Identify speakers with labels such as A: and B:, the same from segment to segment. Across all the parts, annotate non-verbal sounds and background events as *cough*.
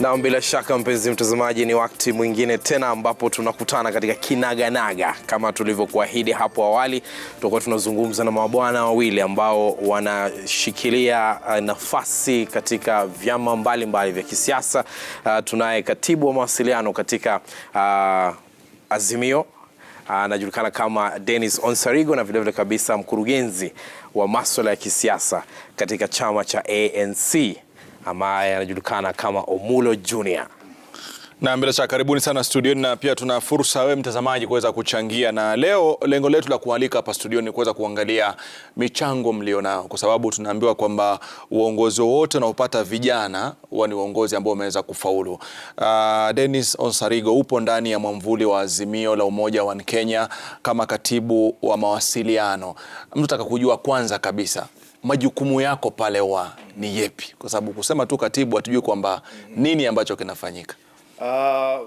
A: Na bila shaka mpenzi mtazamaji, ni wakati mwingine tena ambapo tunakutana katika kinaganaga. Kama tulivyokuahidi hapo awali, tutakuwa tunazungumza na mabwana wawili ambao wanashikilia uh, nafasi katika vyama mbalimbali mbali vya kisiasa. Uh, tunaye katibu wa mawasiliano katika uh, Azimio uh, anajulikana kama Dennis Onsarigo na vilevile kabisa mkurugenzi wa maswala ya kisiasa katika chama cha ANC ambaye anajulikana kama Omulo Junior.
B: Na bila shaka karibuni sana studioni, na pia tuna fursa wewe mtazamaji kuweza kuchangia, na leo lengo letu la kualika hapa studioni ni kuweza kuangalia michango mlionao, kwa sababu tunaambiwa kwamba uongozi wowote unaopata vijana huwa ni uongozi ambao umeweza kufaulu. Uh, Dennis Onsarigo, upo ndani ya mwamvuli wa Azimio la Umoja wa Kenya kama katibu wa mawasiliano. Mtu kujua kwanza kabisa majukumu yako pale wa ni yepi? Kwa sababu kusema tu katibu, hatujui kwamba nini ambacho kinafanyika. Uh,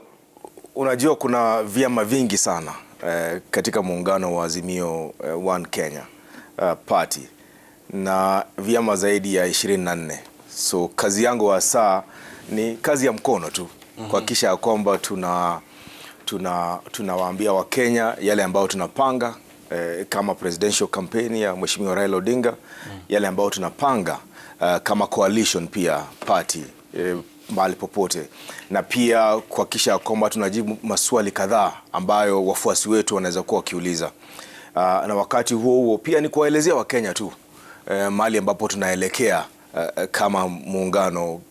C: unajua kuna vyama vingi sana eh, katika muungano wa Azimio eh, One Kenya uh, Party na vyama zaidi ya 24 so kazi yangu hasa ni kazi ya mkono tu mm kuhakikisha ya kwamba tuna tunawaambia tuna Wakenya yale ambayo tunapanga eh, kama presidential campaign ya Mheshimiwa Raila Odinga mm. yale ambayo tunapanga uh, kama coalition pia party eh, mahali popote na pia kuhakikisha kwamba tunajibu maswali kadhaa ambayo wafuasi wetu wanaweza kuwa wakiuliza. Uh, na wakati huo huo pia ni kuwaelezea Wakenya tu eh, mahali ambapo tunaelekea uh, kama muungano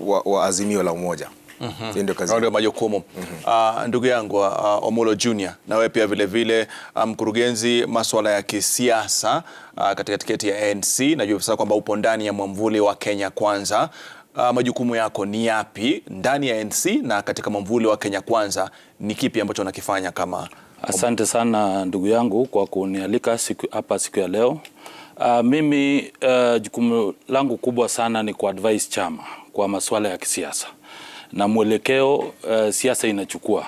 C: wa, wa Azimio la Umoja mm
B: -hmm. Ndio majukumu mm -hmm. Uh, ndugu yangu uh, Omolo Junior, na wewe pia vilevile mkurugenzi um, masuala ya kisiasa uh, katika tiketi ya ANC, najua sasa kwamba upo ndani ya mwamvuli wa Kenya Kwanza. Uh, majukumu yako ni yapi ndani ya ANC na katika mwamvuli wa Kenya Kwanza, ni kipi ambacho unakifanya kama?
D: Asante sana ndugu yangu kwa kunialika hapa siku, siku ya leo. Uh, mimi uh, jukumu langu kubwa sana ni ku advise chama kwa masuala ya kisiasa na mwelekeo uh, siasa inachukua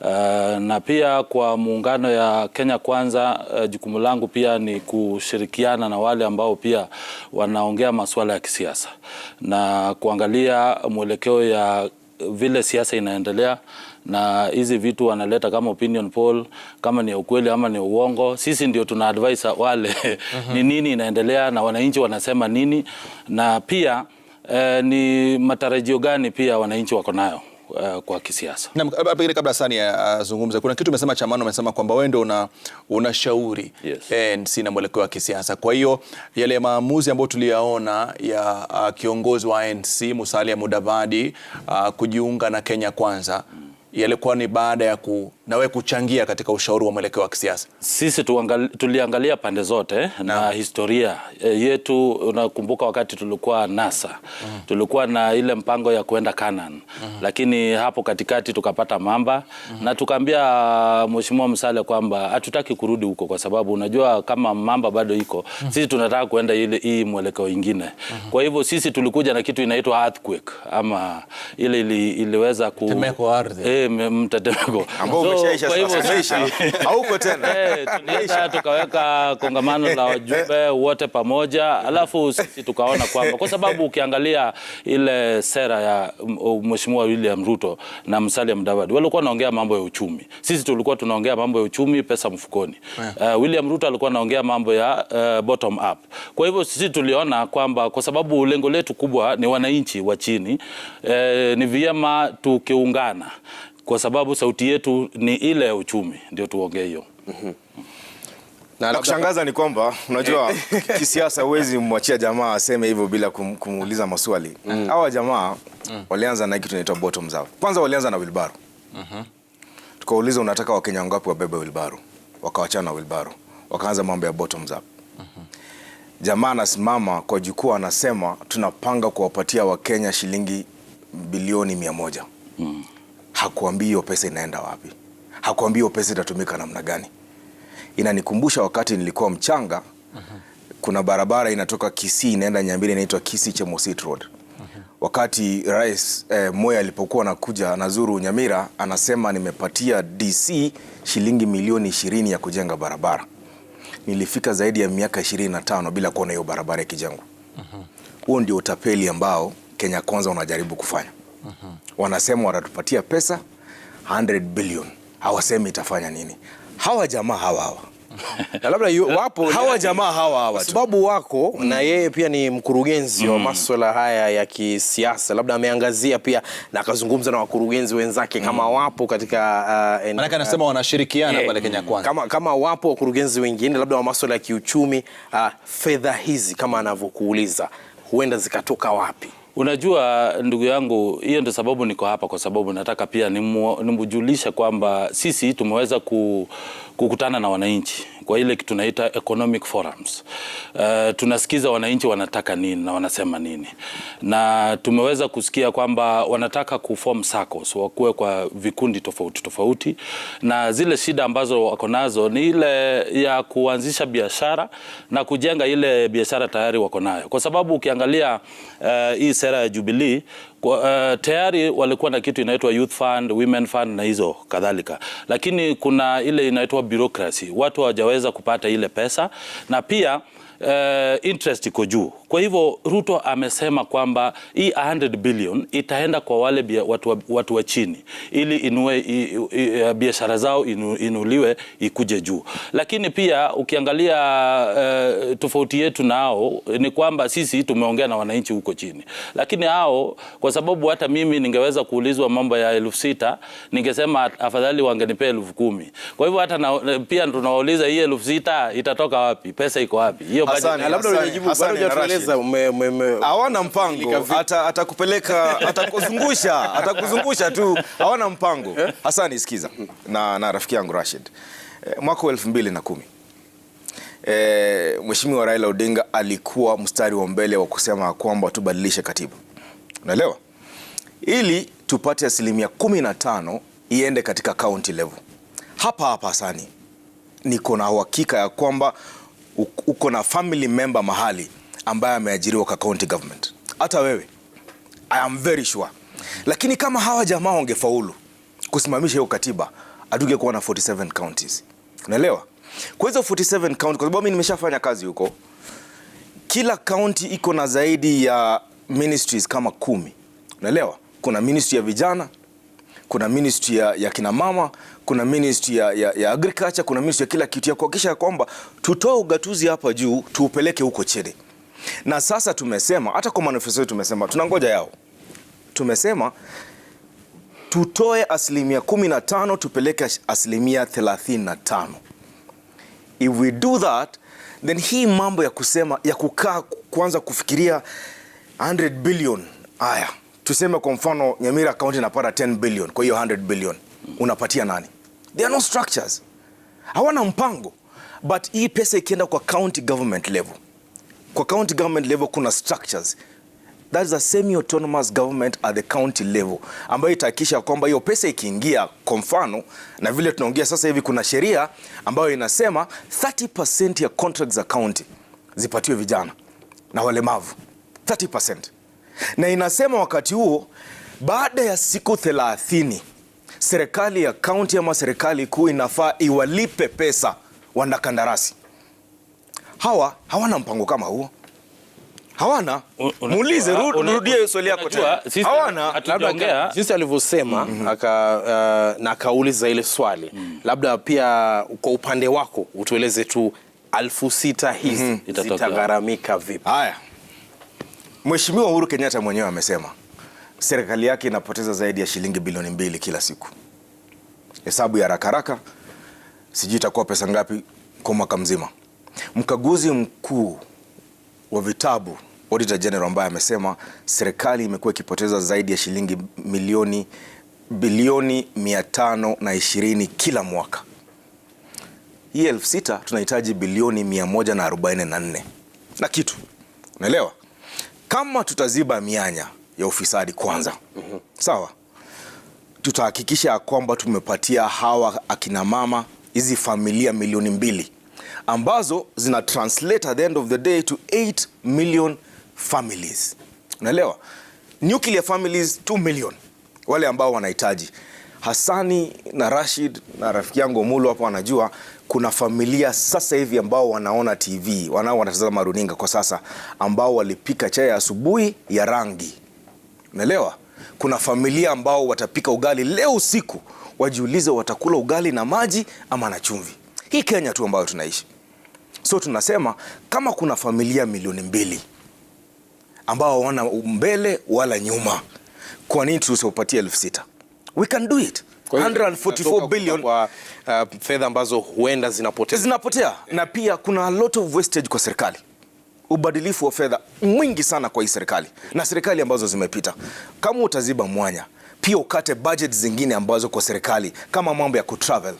D: uh, na pia kwa muungano ya Kenya Kwanza uh, jukumu langu pia ni kushirikiana na wale ambao pia wanaongea masuala ya kisiasa na kuangalia mwelekeo ya vile siasa inaendelea na hizi vitu wanaleta kama opinion poll, kama ni ukweli ama ni uongo. Sisi ndio tuna advise wale *laughs* ni nini inaendelea na wananchi wanasema nini, na pia eh, ni matarajio gani pia wananchi wako nayo eh, kwa kisiasa?
B: Na pengine kabla Sani eh, azungumze, kuna kitu umesema Chamano, umesema kwamba wewe ndio una unashauri yes. ANC na mwelekeo wa kisiasa. Kwa hiyo yale maamuzi ambayo tuliyaona ya uh, kiongozi wa ANC Musalia Mudavadi uh, kujiunga na Kenya Kwanza yalikuwa ni baada ya ku na wewe kuchangia katika ushauri wa mwelekeo wa kisiasa?
D: Sisi tuangali, tuliangalia pande zote na, na historia e, yetu. Unakumbuka wakati tulikuwa NASA mm. tulikuwa na ile mpango ya kuenda Canaan mm. lakini hapo katikati tukapata mamba mm. na tukaambia uh, Mheshimiwa Msale kwamba hatutaki kurudi huko kwa sababu unajua kama mamba bado iko mm. sisi tunataka kuenda ile hii mwelekeo ingine mm -hmm. kwa hivyo sisi tulikuja na kitu inaitwa earthquake ama ile iliweza ku...
B: mtetemeko ardhi
D: eh, mtetemeko
B: ambao kwa hivyo hauko tena
D: eh, tukaweka kongamano la wajumbe eh. wote pamoja, alafu sisi tukaona kwamba kwa sababu ukiangalia ile sera ya mheshimiwa William Ruto na Musalia Mudavadi walikuwa wanaongea mambo ya uchumi, sisi tulikuwa tunaongea mambo ya uchumi, pesa mfukoni. Uh, William Ruto alikuwa anaongea mambo ya uh, bottom up. Kwa hivyo sisi tuliona kwamba kwa sababu lengo letu kubwa ni wananchi wa chini, uh, ni vyema tukiungana kwa sababu sauti yetu ni ile ya uchumi, ndio tuongee hiyo. Mhm.
C: Na kushangaza ni kwamba unajua *laughs* eh. kisiasa huwezi mwachia jamaa aseme hivyo bila kum, kumuuliza maswali. Mm. Hawa jamaa mm. walianza na kitu inaitwa bottom up. Kwanza walianza na wilbaro. Mhm. Tukauliza unataka Wakenya wangapi wabebe wilbaro? Wakawachana na wilbaro. Wakaanza mambo ya bottom up. Mhm. Jamaa anasimama kwa jukwaa anasema tunapanga kuwapatia Wakenya shilingi bilioni mia moja. Mm hakuambii hiyo pesa inaenda wapi, hakuambii hiyo pesa itatumika namna gani. Inanikumbusha wakati nilikuwa mchanga uh -huh. Kuna barabara inatoka Kisii inaenda Nyambili inaitwa Kisii Chemosit Road uh -huh. Wakati Rais eh, Moi alipokuwa anakuja anazuru Nyamira, anasema nimepatia DC shilingi milioni ishirini ya kujenga barabara. Nilifika zaidi ya miaka ishirini na tano bila kuona hiyo barabara ikijengwa. Huo uh -huh. Ndio utapeli ambao Kenya Kwanza unajaribu kufanya. -hmm. Wanasema watatupatia pesa 100 billion, hawasemi itafanya nini. Hawa jamaa hawa hawa *laughs* labda wapo hawa jamaa hawa hawa,
D: sababu wako mm. na yeye pia ni mkurugenzi mm. wa masuala haya ya kisiasa, labda ameangazia pia na akazungumza na wakurugenzi wenzake mm. kama wapo katika uh,
B: maana anasema uh, wanashirikiana eh, pale Kenya Kwanza,
D: kama, kama wapo wakurugenzi wengine labda wa masuala ya kiuchumi uh, fedha hizi kama anavyokuuliza huenda zikatoka wapi? Unajua ndugu yangu, hiyo ndio sababu niko hapa, kwa sababu nataka pia nimujulishe kwamba sisi tumeweza kukutana na wananchi kwa ile kitu tunaita economic forums. Uh, tunasikiza wananchi wanataka nini na wanasema nini, na tumeweza kusikia kwamba wanataka kuform SACCOS, wakuwe kwa vikundi tofauti tofauti, na zile shida ambazo wako nazo ni ile ya kuanzisha biashara na kujenga ile biashara tayari wako nayo, kwa sababu ukiangalia uh, hii sera ya Jubilee kwa, uh, tayari walikuwa na kitu inaitwa youth fund, women fund na hizo kadhalika, lakini kuna ile inaitwa bureaucracy, watu hawajaweza kupata ile pesa na pia uh, interest iko juu. Kwa hivyo Ruto amesema kwamba hii 100 billion itaenda kwa wale bia, watu, watu wa chini ili inue biashara zao inu, inuliwe ikuje juu, lakini pia ukiangalia uh, tofauti yetu nao ni kwamba sisi tumeongea na wananchi huko chini, lakini hao kwa sababu hata mimi ningeweza kuulizwa mambo ya elfu sita ningesema afadhali wangenipea elfu kumi. Kwa hivyo hata na, pia tunawauliza hii elfu sita itatoka wapi? Pesa iko wapi?
C: hiyo labda unajibu bado hujatueleza, hawana mpango, atakupeleka atakuzungusha, atakuzungusha tu, hawana mpango. Hasani, eh? sikiza na, na rafiki yangu Rashid, eh, mwaka wa elfu mbili na kumi e, Mheshimiwa Raila Odinga alikuwa mstari wa mbele wa kusema kwamba tubadilishe katiba, unaelewa, ili tupate asilimia kumi na tano iende katika county level hapa hapa. Hasani, niko na uhakika ya kwamba uko na family member mahali ambaye ameajiriwa kwa county government, hata wewe I am very sure. Lakini kama hawa jamaa wangefaulu kusimamisha hiyo katiba, hatungekuwa na 47 counties. Unaelewa? Kwa hizo 47 counties, kwa sababu mimi nimeshafanya kazi huko, kila county iko na zaidi ya ministries kama kumi. Unaelewa? Kuna ministry ya vijana, kuna ministry ya, ya kina mama, kuna ministry ya, ya, ya agriculture, kuna ministry ya kila kitu ya kuhakikisha kwamba tutoe ugatuzi hapa juu tuupeleke huko chini. Na sasa tumesema hata kwa manifesto tumesema tunangoja yao, tumesema tutoe asilimia kumi na tano tupeleke asilimia thelathini na tano. If we do that then hii mambo ya kusema ya kukaa kuanza kufikiria 100 billion haya, tuseme kwa mfano Nyamira kaunti inapata 10 billion, kwa hiyo 100 billion unapatia nani? There are no structures. Hawana mpango. But hii pesa ikienda kwa county government level. Kwa county government level kuna structures. That is a semi-autonomous government at the county level ambayo itahakikisha kwamba hiyo pesa ikiingia, kwa mfano, na vile tunaongea sasa hivi, kuna sheria ambayo inasema 30% ya contracts za county zipatiwe vijana na walemavu 30%, na inasema wakati huo, baada ya siku 30 serikali ya kaunti ama serikali kuu inafaa iwalipe pesa wanakandarasi hawa. Hawana mpango kama huo, hawana. Muulize, rudie swali yako tena. Hawana,
D: labda alivyosema mm -hmm. aka, uh, na akauliza ile swali mm. labda pia kwa upande wako utueleze tu alfu sita hizi mm -hmm. zitagharamika vipi?
C: Haya, Mheshimiwa Uhuru Kenyatta mwenyewe amesema serikali yake inapoteza zaidi ya shilingi bilioni mbili kila siku. Hesabu ya haraka haraka, sijui itakuwa pesa ngapi kwa mwaka mzima. Mkaguzi mkuu wa vitabu Auditor General ambaye amesema serikali imekuwa ikipoteza zaidi ya shilingi milioni bilioni ishirini kila mwaka. Hii elfu sita tunahitaji bilioni nne na kitu, unaelewa? Kama tutaziba mianya ya ufisadi kwanza. mm -hmm. Sawa, tutahakikisha kwamba tumepatia hawa akina mama hizi familia milioni mbili ambazo zina translate at the end of the day to 8 million families. Unaelewa? Nuclear families 2 million wale ambao wanahitaji. Hasani na Rashid na rafiki yangu Mulu hapo wanajua kuna familia sasa hivi ambao wanaona TV, wanao wanatazama runinga kwa sasa ambao walipika chai asubuhi ya rangi Unaelewa? Kuna familia ambao watapika ugali leo usiku, wajiulize watakula ugali na maji ama na chumvi. Hii Kenya tu ambayo tunaishi. So tunasema kama kuna familia milioni mbili ambao wana mbele wala nyuma, kwa nini tusiwapatie elfu sita? We can do it. 144 billion kwa
B: uh, fedha ambazo huenda zinapotea
C: zinapotea, Na pia kuna a lot of wastage kwa serikali ubadilifu wa fedha mwingi sana kwa hii serikali na serikali ambazo zimepita. Kama utaziba mwanya, pia ukate budget zingine ambazo kwa serikali kama mambo ya kutravel.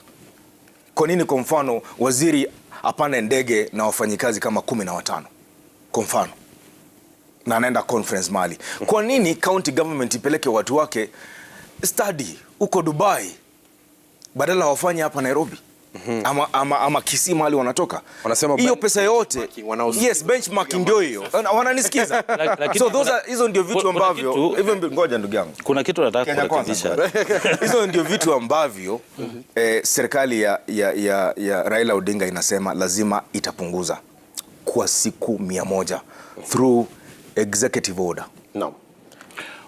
C: Kwa nini kwa mfano waziri apande ndege na wafanyikazi kama kumi na watano kwa mfano na anaenda conference Mali? Kwa nini county government ipeleke watu wake study huko Dubai badala wafanye hapa Nairobi? mm -hmm. ama, ama, ama Kisii mahali wanatoka wanasema hiyo pesa yote yes, benchmark ndio hiyo wananisikiza. *laughs* So those are hizo ndio vitu ambavyo hivyo, ngoja ndugu yangu,
B: kuna kitu nataka kurekebisha.
C: *laughs* Hizo ndio vitu ambavyo mhm. eh, serikali ya, ya, ya, ya Raila Odinga inasema lazima itapunguza kwa siku mia moja through executive order
D: no.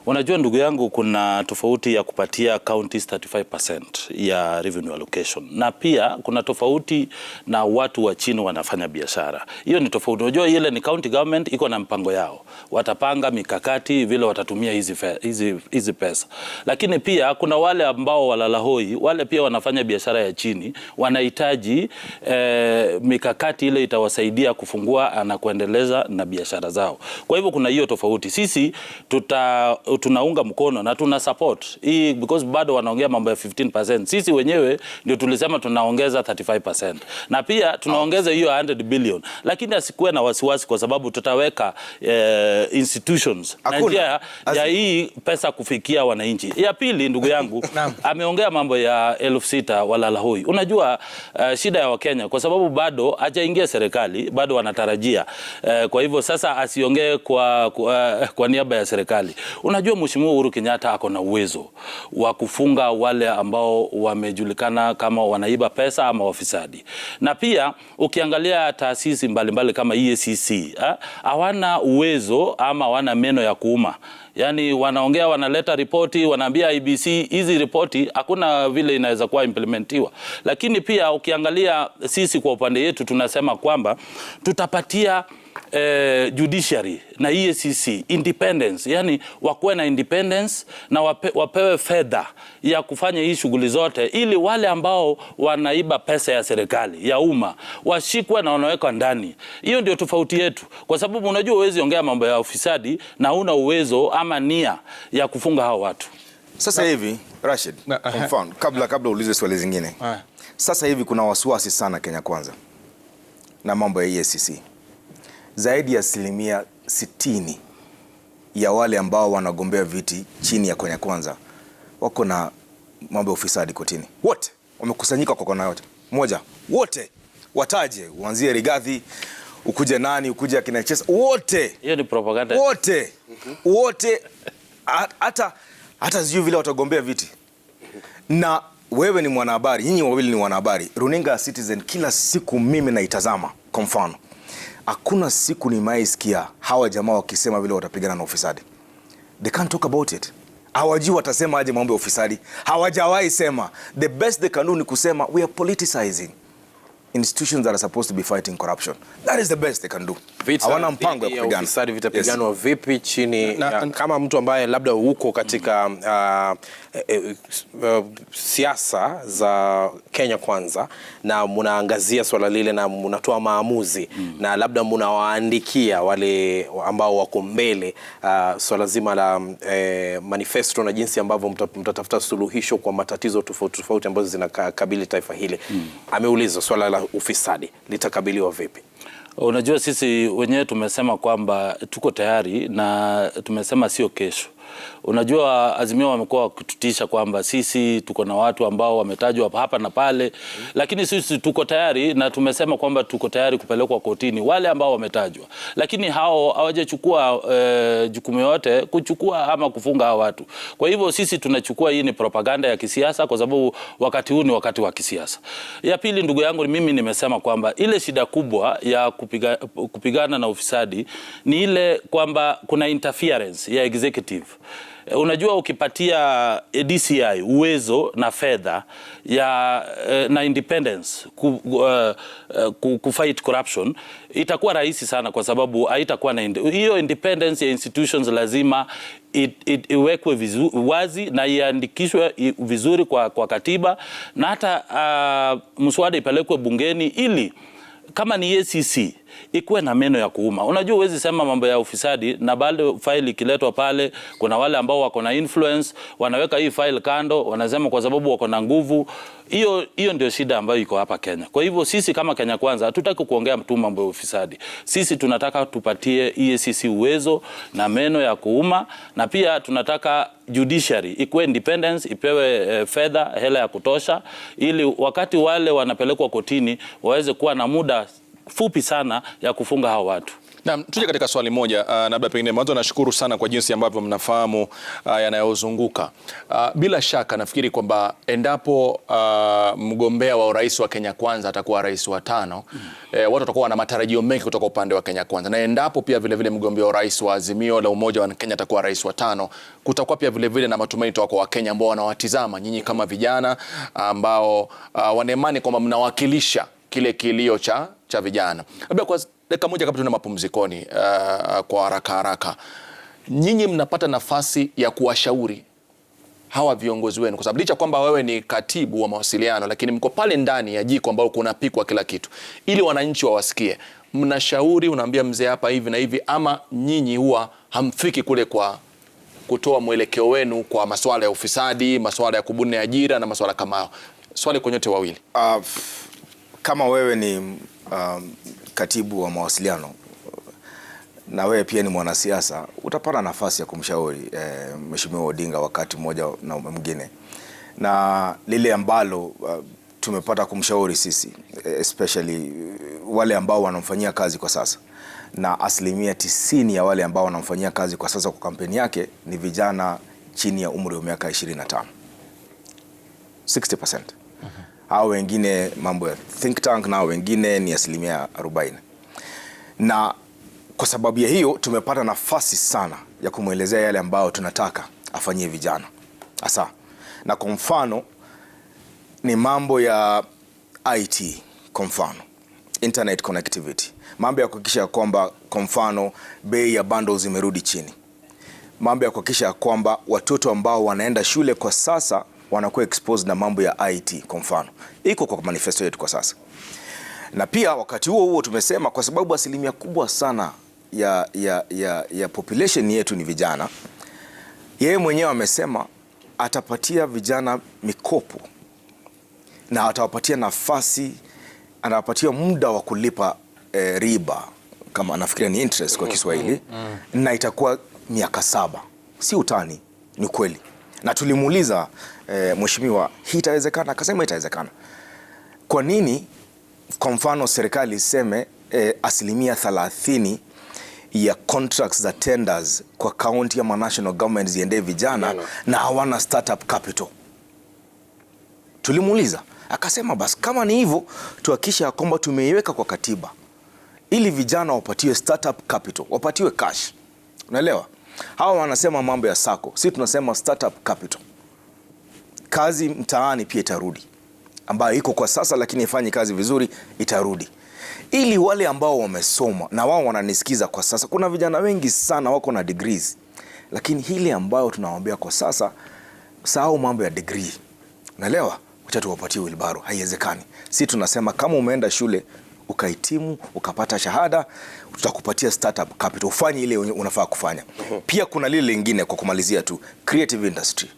D: Unajua ndugu yangu, kuna tofauti ya kupatia counties 35% ya revenue allocation na pia kuna tofauti na watu wa chini wanafanya biashara. Hiyo ni tofauti. Unajua ile ni county government iko na mpango yao, watapanga mikakati vile watatumia hizi, hizi, hizi pesa, lakini pia kuna wale ambao walalahoi, wale pia wanafanya biashara ya chini, wanahitaji eh, mikakati ile itawasaidia kufungua na kuendeleza na biashara zao. Kwa hivyo kuna hiyo tofauti. Sisi tuta tunaunga mkono na tuna support hii because bado wanaongea mambo ya 15%. Sisi wenyewe ndio tulisema tunaongeza 35% na pia tunaongeza hiyo 100 billion, lakini asikuwe na wasiwasi kwa sababu tutaweka eh, institutions na njia ya hii pesa kufikia wananchi. Ya pili, ndugu yangu *laughs* ameongea mambo ya elfu sita walala hoi. Unajua uh, shida ya Wakenya kwa sababu bado hajaingia serikali, bado wanatarajia uh, kwa hivyo sasa asiongee kwa, kwa, uh, kwa niaba ya serikali. Una Tunajua Mheshimiwa Uhuru Kenyatta ako na uwezo wa kufunga wale ambao wamejulikana kama wanaiba pesa ama wafisadi, na pia ukiangalia taasisi mbalimbali kama EACC hawana uwezo ama hawana meno ya kuuma. Yani wanaongea wanaleta ripoti, wanaambia IBC hizi ripoti hakuna vile inaweza kuwa implementiwa. Lakini pia ukiangalia sisi kwa upande yetu tunasema kwamba tutapatia eh, judiciary na EACC independence, yani wakuwe na independence na wape, wapewe fedha ya kufanya hii shughuli zote, ili wale ambao wanaiba pesa ya serikali ya umma washikwe na wanawekwa ndani. Hiyo ndio tofauti yetu, kwa sababu unajua uwezi ongea mambo ya ufisadi na una uwezo ama nia ya kufunga hao watu.
C: Sasa hivi Rashid, confound, kabla kabla ulize swali zingine. Sasa hivi kuna wasiwasi sana Kenya Kwanza na mambo ya EACC zaidi ya asilimia sitini ya wale ambao wanagombea viti chini ya kwenye Kwanza wako na mambo ya ufisadi kotini. Wote wamekusanyika kwa kona yote moja, wote wataje, uanzie Rigathi ukuje nani, ukuje akina Chesa, wote
D: hiyo ni propaganda,
C: wote wote, hata hata sijui vile watagombea viti. Na wewe ni mwanahabari, nyinyi wawili ni wanahabari, runinga ya Citizen kila siku mimi naitazama kwa mfano hakuna siku nimeisikia hawa jamaa wakisema vile watapigana na ufisadi. They can't talk about it. Hawajui watasema aje mambo ya ufisadi, hawajawahi sema. The best they can do ni kusema we are politicizing institutions that are supposed to be fighting corruption. That is the best they can do hawana mpango
D: ya kupigana. Ufisadi vitapiganwa yes. Vipi chini
B: na, ya, kama mtu ambaye labda uko katika mm. uh, uh, uh, siasa za Kenya kwanza na munaangazia swala lile na mnatoa maamuzi mm. na labda munawaandikia wale ambao wako mbele uh, swala zima la uh, manifesto na jinsi ambavyo mtatafuta suluhisho kwa matatizo tofauti tofauti ambazo zinakabili taifa hili mm. Ameuliza swala la ufisadi litakabiliwa vipi?
D: Unajua, sisi wenyewe tumesema kwamba tuko tayari na tumesema sio kesho. Unajua, Azimio wamekuwa wakitutisha kwamba sisi tuko na watu ambao wametajwa hapa na pale, lakini sisi tuko tayari na tumesema kwamba tuko tayari kupelekwa kotini wale ambao wametajwa, lakini hao hawajachukua e, jukumu yote kuchukua ama kufunga hao watu. Kwa hivyo sisi tunachukua hii ni propaganda ya kisiasa, kwa sababu wakati huu ni wakati wa kisiasa. Ya pili, ndugu yangu, mimi nimesema kwamba ile shida kubwa ya kupiga, kupigana na ufisadi ni ile kwamba kuna interference ya executive Eh, unajua, ukipatia eh, DCI uwezo na fedha ya eh, na independence ku, uh, kufight corruption itakuwa rahisi sana, kwa sababu haitakuwa na hiyo independence ya institutions. Lazima it, it, iwekwe vizu, wazi na iandikishwe vizuri kwa, kwa katiba na hata uh, mswada ipelekwe bungeni ili kama ni ACC ikuwe na meno ya kuuma. Unajua huwezi sema mambo ya ufisadi na bado faili ikiletwa pale, kuna wale ambao wako na influence wanaweka hii file kando, wanasema kwa sababu wako na nguvu. Hiyo hiyo ndio shida ambayo iko hapa Kenya. Kwa hivyo sisi kama Kenya Kwanza hatutaki kuongea mtu mambo ya ufisadi. Sisi tunataka tupatie EACC uwezo na meno ya kuuma, na pia tunataka judiciary ikuwe independence, ipewe e, fedha hela ya kutosha, ili wakati wale wanapelekwa kotini waweze kuwa na muda fupi sana ya kufunga hao watu.
B: Na tuje katika swali moja uh, labda uh, pengine mwanzo nashukuru sana kwa jinsi ambavyo mnafahamu uh, yanayozunguka uh, bila shaka nafikiri kwamba endapo uh, mgombea wa urais wa Kenya Kwanza atakuwa rais wa tano mm. eh, watu watakuwa na matarajio mengi kutoka upande wa Kenya Kwanza, na endapo pia vile vile mgombea wa urais wa Azimio la Umoja wa Kenya atakuwa rais wa tano, kutakuwa pia vile vile na matumaini toka kwa Wakenya ambao wanawatizama nyinyi kama vijana ambao uh, wanaimani kwamba mnawakilisha kile kilio cha cha vijana. Labda kwa dakika moja kabla tuna mapumzikoni, uh, kwa haraka haraka, nyinyi mnapata nafasi ya kuwashauri hawa viongozi wenu, kwa sababu licha kwamba wewe ni katibu wa mawasiliano, lakini mko pale ndani ya jiko ambao kunapikwa kila kitu, ili wananchi wawasikie, mnashauri, unaambia mzee hapa hivi na hivi, ama nyinyi huwa hamfiki kule kwa kutoa mwelekeo wenu kwa masuala ya ufisadi, masuala ya kubuni ajira na masuala kama hayo? Swali kwa nyote wawili. Uh,
C: kama wewe ni um, katibu wa mawasiliano na wewe pia ni mwanasiasa, utapata nafasi ya kumshauri e, Mheshimiwa Odinga wakati mmoja na mwingine, na lile ambalo uh, tumepata kumshauri sisi eh, especially uh, wale ambao wanamfanyia kazi kwa sasa, na asilimia tisini ya wale ambao wanamfanyia kazi kwa sasa kwa kampeni yake ni vijana chini ya umri wa miaka 25 60% au wengine mambo ya think tank, na wengine ni asilimia 40. Na kwa sababu ya hiyo tumepata nafasi sana ya kumwelezea yale ambayo tunataka afanyie vijana hasa, na kwa mfano ni mambo ya IT, kwa mfano internet connectivity, mambo ya kuhakikisha kwamba kwa mfano bei ya bundles zimerudi chini, mambo ya kuhakikisha kwamba watoto ambao wanaenda shule kwa sasa wanakuwa exposed na mambo ya IT kwa mfano, iko kwa manifesto yetu kwa sasa. Na pia wakati huo huo tumesema kwa sababu asilimia kubwa sana ya, ya, ya, ya population yetu ni vijana, yeye mwenyewe amesema atapatia vijana mikopo na atawapatia nafasi, anawapatia muda wa kulipa e, riba kama anafikiria ni interest kwa Kiswahili mm, mm, na itakuwa miaka saba. Si utani, ni kweli. Na tulimuuliza e, mheshimiwa, hii itawezekana? Akasema itawezekana. Kwa nini kwa mfano serikali iseme e, asilimia thelathini ya contracts za tenders kwa kaunti ama national government ziende vijana na hawana startup capital? Tulimuuliza akasema basi kama ni hivyo tuhakisha kwamba tumeiweka kwa katiba ili vijana wapatiwe startup capital, wapatiwe cash. Unaelewa? Hawa wanasema mambo ya sako, si tunasema startup capital kazi mtaani pia itarudi, ambayo iko kwa sasa, lakini ifanye kazi vizuri, itarudi ili wale ambao wamesoma na wao wananisikiza kwa sasa. Kuna vijana wengi sana wako na degrees, lakini hili ambayo tunawaambia kwa sasa, sahau mambo ya degree, unaelewa? Wacha tuwapatie wilbaro, haiwezekani. Si tunasema kama umeenda shule ukahitimu ukapata shahada, tutakupatia startup capital ufanye ile unafaa kufanya. Mhm. Pia kuna lile lingine, kwa kumalizia tu, creative industry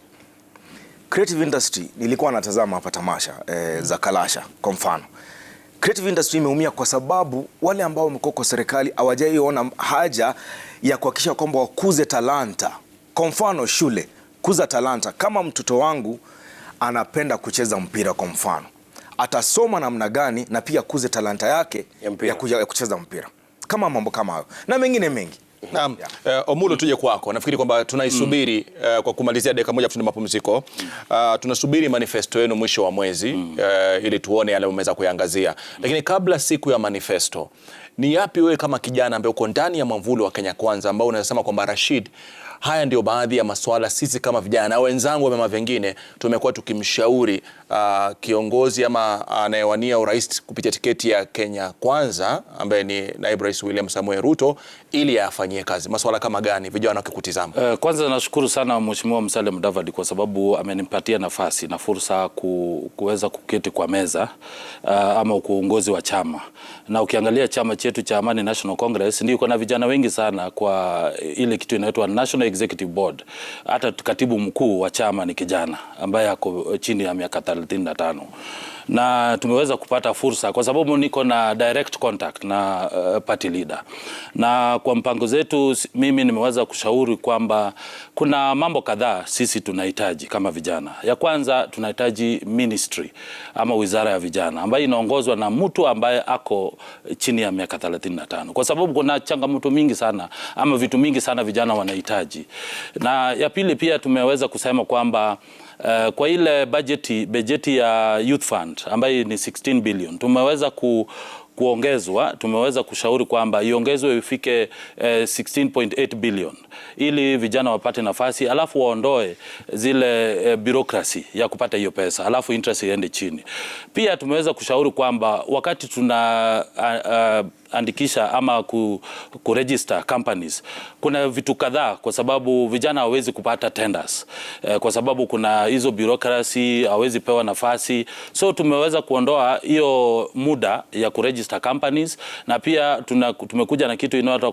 C: creative industry nilikuwa natazama hapa tamasha e, za Kalasha kwa mfano. Creative industry imeumia kwa sababu wale ambao wamekuwa kwa serikali hawajaiona haja ya kuhakikisha kwamba wakuze talanta. Kwa mfano shule, kuza talanta. Kama mtoto wangu anapenda kucheza mpira kwa mfano, atasoma namna gani na pia kuze talanta yake ya, ya kucheza mpira, kama mambo kama hayo na mengine mengi.
B: Naam, uh, Omulo, tuje kwako. Nafikiri kwamba tunaisubiri uh, kwa kumalizia dakika moja tuna mapumziko uh, tunasubiri manifesto yenu mwisho wa mwezi uh, ili tuone yale umeweza Mm. lakini kabla siku ya manifesto, ni yapi wewe kama kijana ambaye uko ndani ya mwamvuli wa Kenya Kwanza ambao unasema kwamba Rashid Haya ndio baadhi ya masuala sisi kama vijana na wenzangu wa vyama vingine tumekuwa tukimshauri uh, kiongozi ama anayewania urais kupitia tiketi ya Kenya Kwanza ambaye ni naibu rais William Samuel Ruto ili afanyie kazi. Masuala kama gani vijana wakikutizama?
D: Uh, kwanza nashukuru sana Mheshimiwa Musalia Mudavadi kwa sababu amenipatia nafasi na fursa ku, kuweza kuketi kwa meza uh, ama kuongozi wa chama na ukiangalia chama chetu cha Amani National Congress ndio kuna vijana wengi sana kwa eh, ile kitu inaitwa national executive board. Hata katibu mkuu wa chama ni kijana ambaye ako chini ya miaka 35 na tumeweza kupata fursa kwa sababu niko na direct contact na uh, party leader, na kwa mpango zetu mimi nimeweza kushauri kwamba kuna mambo kadhaa sisi tunahitaji kama vijana. Ya kwanza tunahitaji ministry ama wizara ya vijana ambayo inaongozwa na mtu ambaye ako chini ya miaka 35 kwa sababu kuna changamoto mingi sana ama vitu mingi sana vijana wanahitaji. Na ya pili pia tumeweza kusema kwamba Uh, kwa ile bajeti bajeti ya Youth Fund ambayo ni 16 billion tumeweza ku kuongezwa, tumeweza kushauri kwamba iongezwe ifike eh, 16.8 billion ili vijana wapate nafasi, alafu waondoe zile eh, bureaucracy ya kupata hiyo pesa, alafu interest iende chini. Pia tumeweza kushauri kwamba wakati tuna uh, uh, andikisha ama ku, ku register companies kuna vitu kadhaa, kwa sababu vijana hawezi kupata tenders eh, kwa sababu kuna hizo bureaucracy, hawezi pewa nafasi, so tumeweza kuondoa hiyo muda ya ku register register companies, na pia tuna, tumekuja na kitu inaitwa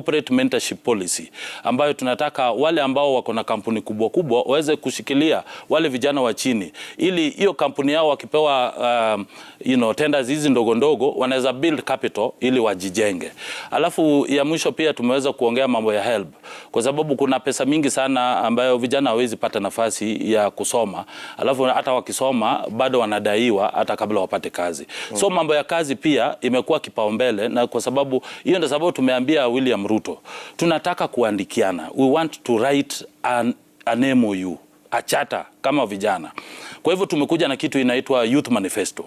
D: corporate mentorship policy ambayo tunataka wale ambao wako na kampuni kubwa kubwa waweze kushikilia wale vijana wa chini, ili hiyo kampuni yao wakipewa um, you know, tenders hizi ndogo ndogo wanaweza build capital ili wajijenge. Alafu ya mwisho pia tumeweza kuongea mambo ya help, kwa sababu kuna pesa mingi sana ambayo vijana hawezi pata nafasi ya kusoma, alafu hata wakisoma bado wanadaiwa hata kabla wapate kazi. So mm. mambo ya kazi pia imekuwa kipaumbele, na kwa sababu hiyo ndio sababu tumeambia William Ruto, tunataka kuandikiana, we want to write an, an MOU, a charter kama vijana. Kwa hivyo tumekuja na kitu inaitwa Youth Manifesto.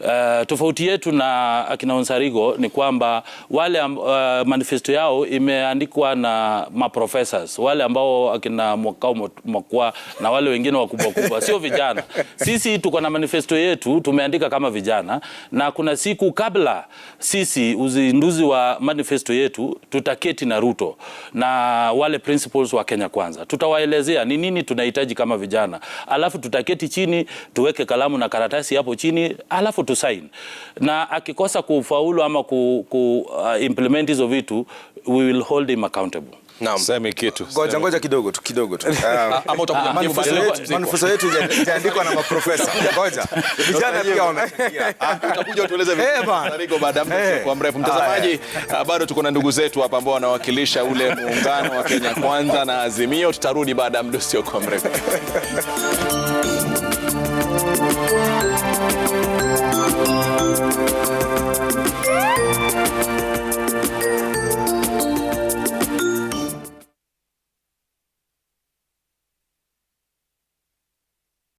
D: Uh, tofauti yetu na akina Onsarigo ni kwamba wale uh, manifesto yao imeandikwa na ma professors wale ambao akina Mwakao Mwakwa na wale wengine wakubwa kubwa, sio vijana. Sisi tuko na manifesto yetu tumeandika kama vijana, na kuna siku kabla sisi uzinduzi wa manifesto yetu tutaketi na Ruto na wale principles wa Kenya Kwanza, tutawaelezea ni nini tunahitaji kama vijana, alafu tutaketi chini tuweke kalamu na karatasi hapo chini, alafu tusain na akikosa kufaulu ama ku, ku uh, implement hizo vitu, we will hold him accountable.
C: Ngoja ngoja kidogo tu kidogo tu. *laughs* Ah,
B: Ama utakuja manifesto yetu itaandikwa na maprofesa. Ngoja. Vijana pia wamesikia. Utakuja *laughs* utueleze vipi eh, baada ya kwa eh. mrefu. Mtazamaji, ah, bado tuko na ndugu zetu hapa ambao wanawakilisha ule muungano wa Kenya Kwanza na Azimio. Tutarudi baada ya muda sio kwa mrefu. *laughs*